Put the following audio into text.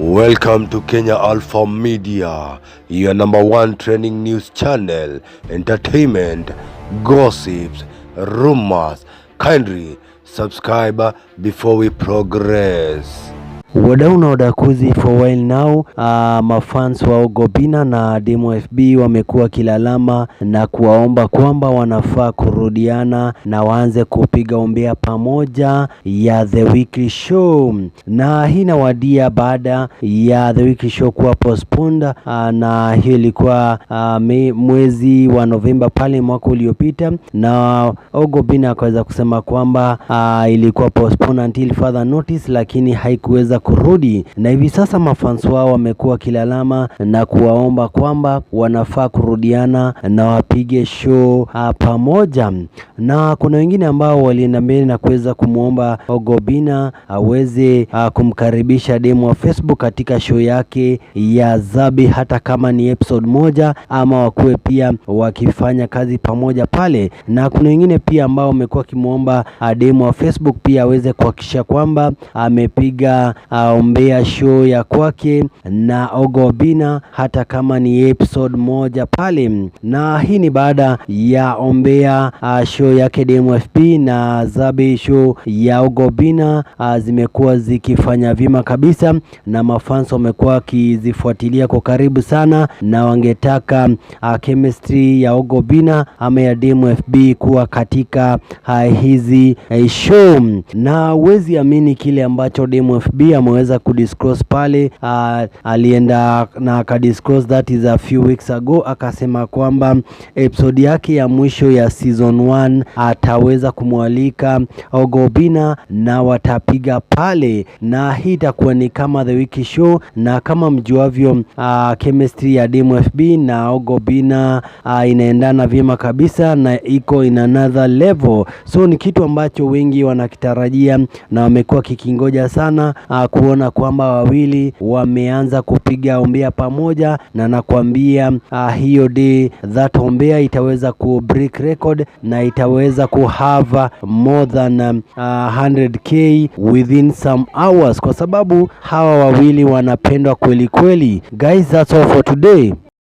Welcome to Kenya Alpha Media, your number one training news channel, entertainment, gossips, rumors. Kindly subscribe before we progress wadau na order Kuzi for while now. Uh, mafans wa Ogobina na Demo FB wamekuwa kilalama na kuwaomba kwamba wanafaa kurudiana na waanze kupiga umbea pamoja ya The Weekly Show, na hii inawadia baada ya The Weekly Show kuwa postponed, uh, na hiyo ilikuwa uh, mwezi wa Novemba pale mwaka uliopita, na Ogobina akaweza kusema kwamba uh, ilikuwa postponed until further notice, lakini haikuweza kurudi, na hivi sasa mafans wao wamekuwa wakilalama na kuwaomba kwamba wanafaa kurudiana na wapige show ah, pamoja, na kuna wengine ambao walienda mbele na kuweza kumwomba Ogobina aweze ah, kumkaribisha demu wa Facebook katika show yake ya Zabi, hata kama ni episode moja ama wakuwe pia wakifanya kazi pamoja pale, na kuna wengine pia ambao wamekuwa wakimwomba ah, demu wa Facebook pia aweze kuhakikisha kwamba amepiga ombea show ya kwake na ogobina Obinna, hata kama ni episode moja pale. Na hii ni baada ya ombea show yake Demo na Zabe show ya ogobina Obinna zimekuwa zikifanya vyema kabisa, na mafans wamekuwa wakizifuatilia kwa karibu sana, na wangetaka chemistry ya ogobina Obinna ama ya DMFB kuwa katika hizi show, na huwezi amini kile ambacho DMFB ameweza kudisclose pale uh, alienda na akadisclose that is a few weeks ago, akasema kwamba episode yake ya mwisho ya season 1 ataweza kumwalika Ogobina na watapiga pale, na hii itakuwa ni kama the week show, na kama mjuavyo uh, chemistry ya FB na Ogobina uh, inaendana vyema kabisa na iko in another level, so ni kitu ambacho wengi wanakitarajia na wamekuwa kikingoja sana uh, kuona kwamba wawili wameanza kupiga ombea pamoja, na nakwambia ah, hiyo de that ombea itaweza ku break record na itaweza ku have more than 100k ah, within some hours, kwa sababu hawa wawili wanapendwa kweli kweli. Guys, that's all for today.